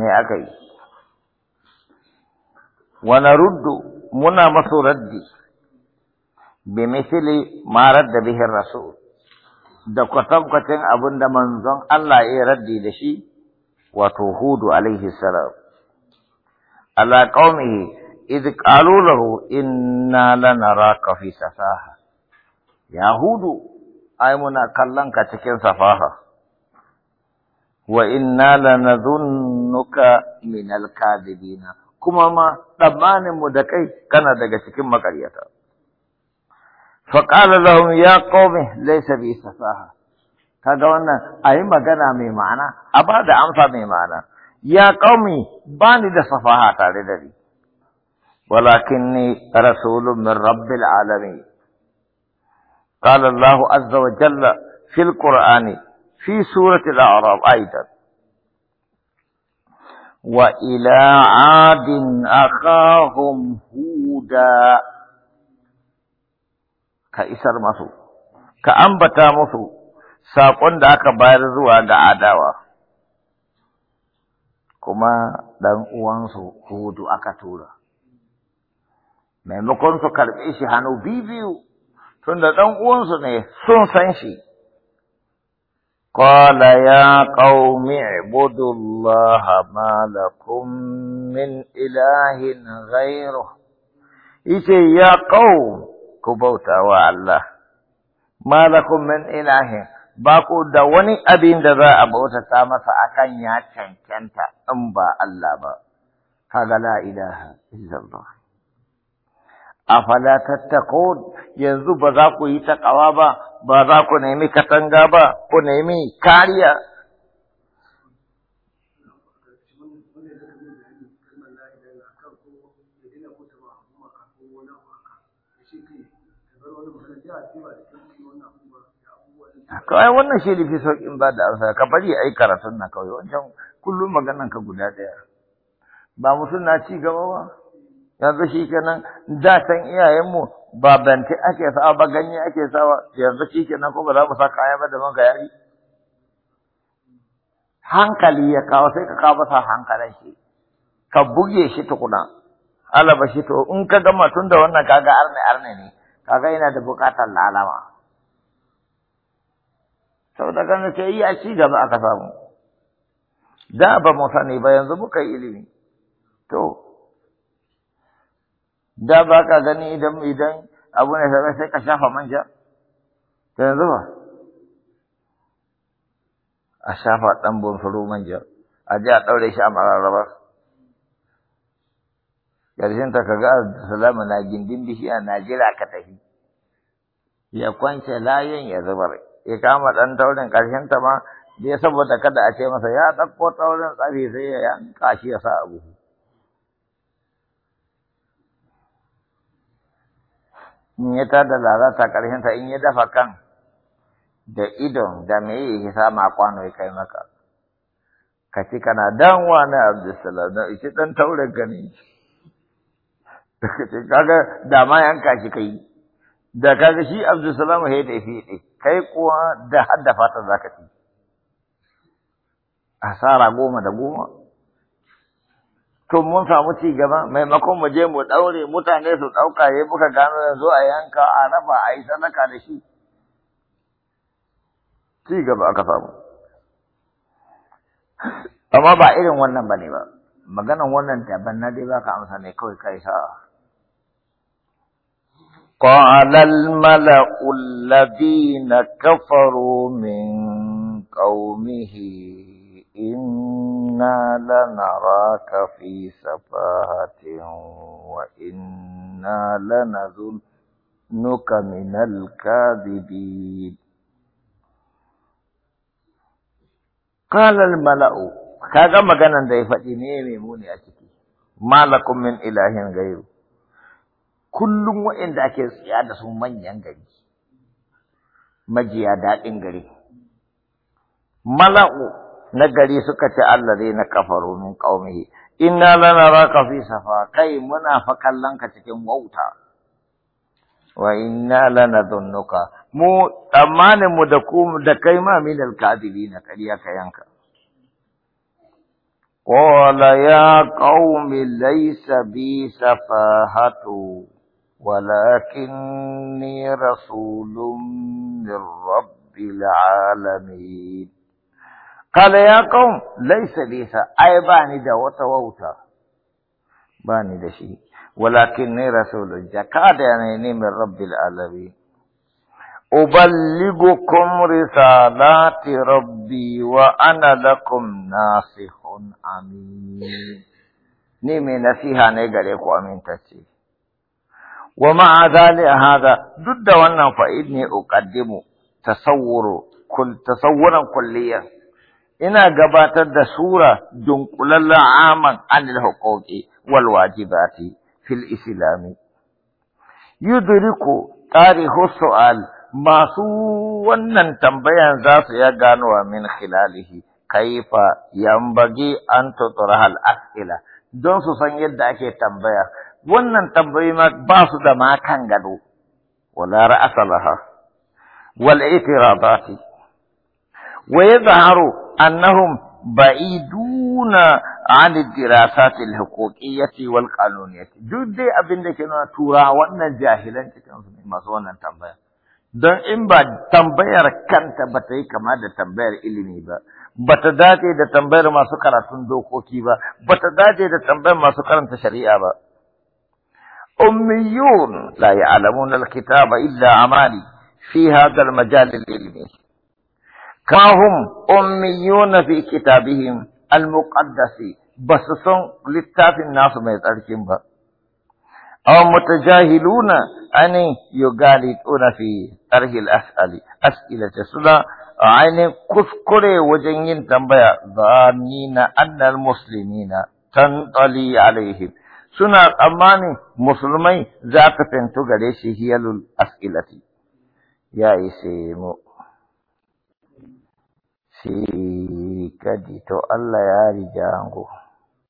me aka yi wa naruddu muna masu raddi bi misali ma radda bihi rasul da kwatankwacin abin da manzon Allah ya raddi da shi wato hudu alaihi salam ala qaumihi إذ قالوا له إنا لنراك safaha. سفاهة ai muna kallon ka cikin safaha. وَإِنَّا لنظنك مِنَ الْكَاذِبِينَ كُمَا مَا تَمَانِ مُدَكَيْ كَنَا دَجَسِكِمْ مَقَرِيَتَا فَقَالَ لَهُمْ يَا قَوْمِ لَيْسَ بِي سَفَاهَا كَدَوَنَّا أَيْ مَقَنَا مِي مَعْنَا أَبَادَ أَمْسَا مِي مَعْنَا يَا قَوْمِ باني دَ سَفَاهَا تَعْلِ لَذِي وَلَكِنِّي رَسُولٌ مِنْ رَبِّ الْعَالَمِينَ قَالَ اللَّهُ عَزَّ وَجَلَّ فِي الْقُرْآنِ Fi في سورة akahun huda. Ka isar masu, ka ambata masu saƙon da aka bayar zuwa da adawa. kuma ɗan uwansu hudu aka tura maimakon su karɓe shi hannu biyu tun da ɗan uwansu ne sun san shi قال يا قوم اعبدوا الله ما لكم من إله غيره يتي يا قوم كبوتا والله ما لكم من إله باكو دواني أبين دذا أبوتا تاما فأكن يا كنتا أمبا الله هذا لا إله إلا الله afala tattaqun yanzu ba za ku yi takawa ba ba za ku nemi katanga ba ku nemi kariya kawai wannan shi da fi sauƙin ba da amsa ka bari ai yi karatun na kawai wancan kullum maganan ka guda ɗaya ba mutum na ci gaba ba yanzu shi kenan da can iyayenmu ba bante ake sawa ba ganye ake sawa yanzu shi kenan ko ba za mu sa kaya ba da man yari hankali ya kawo sai ka kawo sa hankalin shi ka buge shi tukuna alaba shi to in ka gama tun da wannan kaga arne arne ne kaga yana da bukatar lalama saboda ganin sai iya ci gaba aka samu da ba mu sani ba yanzu muka yi ilimi to da ba ka gani idan idan abu ne sai sai ka shafa manja ta yanzu ba a shafa ɗan bonfaro manja a ji a ɗaure shi a mararrabar ƙarshen ta kaga salama na gindin shi a najira ka tafi ya kwance layin ya zubar ya kama ɗan taurin ƙarshen ta ma dai saboda kada a ce masa ya ɗauko taurin tsafi sai ya yanka shi ya sa a buhu in ya tada lalata ta, in ya dafa kan da idon da me ya ma kwano ya kai maka ka ci kana dan wani Abdulsala, na ishi ɗan taurin gani kaga da ma yanka shi kai da kaga shi abdulsalam ya da fi kai kuwa da haddafa ta ka ci asara goma da goma to mun samu ci gaba maimakon mu je mu daure mutane su dauka yayi muka gano yanzu a yanka a raba a yi sanaka da shi ci gaba aka samu amma ba irin wannan bane ba maganan wannan taban na dai baka amsa ne kawai kai sa'a قال الملأ الذين كفروا من قومه إنا لنراك في سفاهة وإنا لنظنك من الكاذبين قال الملأ kaga maganan da ya faɗi ne mai muni a ciki malakum min ilahin gairu kullum waɗanda ake tsaya da su manyan gari majiya daɗin gari mala'u نجري سكت الذين كفروا من قومه إنا لنراك في سفا كي منافقا لنك تكون موتا وإنا لنظنك مو تمان مدكوم دكيما من الكاذبين كريا كيانك قال يا قوم ليس بي سفاهة ولكني رسول من رب العالمين kada ya kawun laisa lisa ai ba ni da wata wauta ba ni da shi walakin ne rasulun jakada ya ne min rabbil alabi uballigukum risalati rabbi wa ana lakum nasihun amin ni mai nasiha ne ga ku aminta wa ma'a a haza duk da wannan fa'id ne uƙaddimu tasawuro tasawuran kulliyar ina gabatar da sura dunkulalla aman anil huquqi wal wajibati fil islam yudriku tarihu su'al masu wannan tambayan za su ya ganowa min khilalihi kaifa yambagi an tutraha al as'ila don su san yadda ake tambaya wannan tambayi ma ba su da makan gado wala ra'asa wal itiradati wa أنهم بعيدون عن الدراسات الحقوقية والقانونية. جد أبن دكنا ترى وأن جاهلا كنا في مزون تنبير. ده إن بعد تنبير كان تبتي كما ده تنبير إلي نيبا. بتداتي ده تنبير ما سكر صندوق كيبا. بتداتي ده تنبير ما سكر تشريعا. أميون لا يعلمون الكتاب إلا أماني في هذا المجال العلمي. كاهم أميون في كتابهم المقدس بسسون لتاف الناس ميت أركم أو متجاهلون أن يقالدون في طرح الأسئلة أسئلة سنة عين كفكر وجنين تنبيا ظانين أن المسلمين تنطلي عليهم سنة أماني مسلمين ذات فنتو غريشي هي الأسئلة يا إسيمو fi kadi to Allah ya rija ango.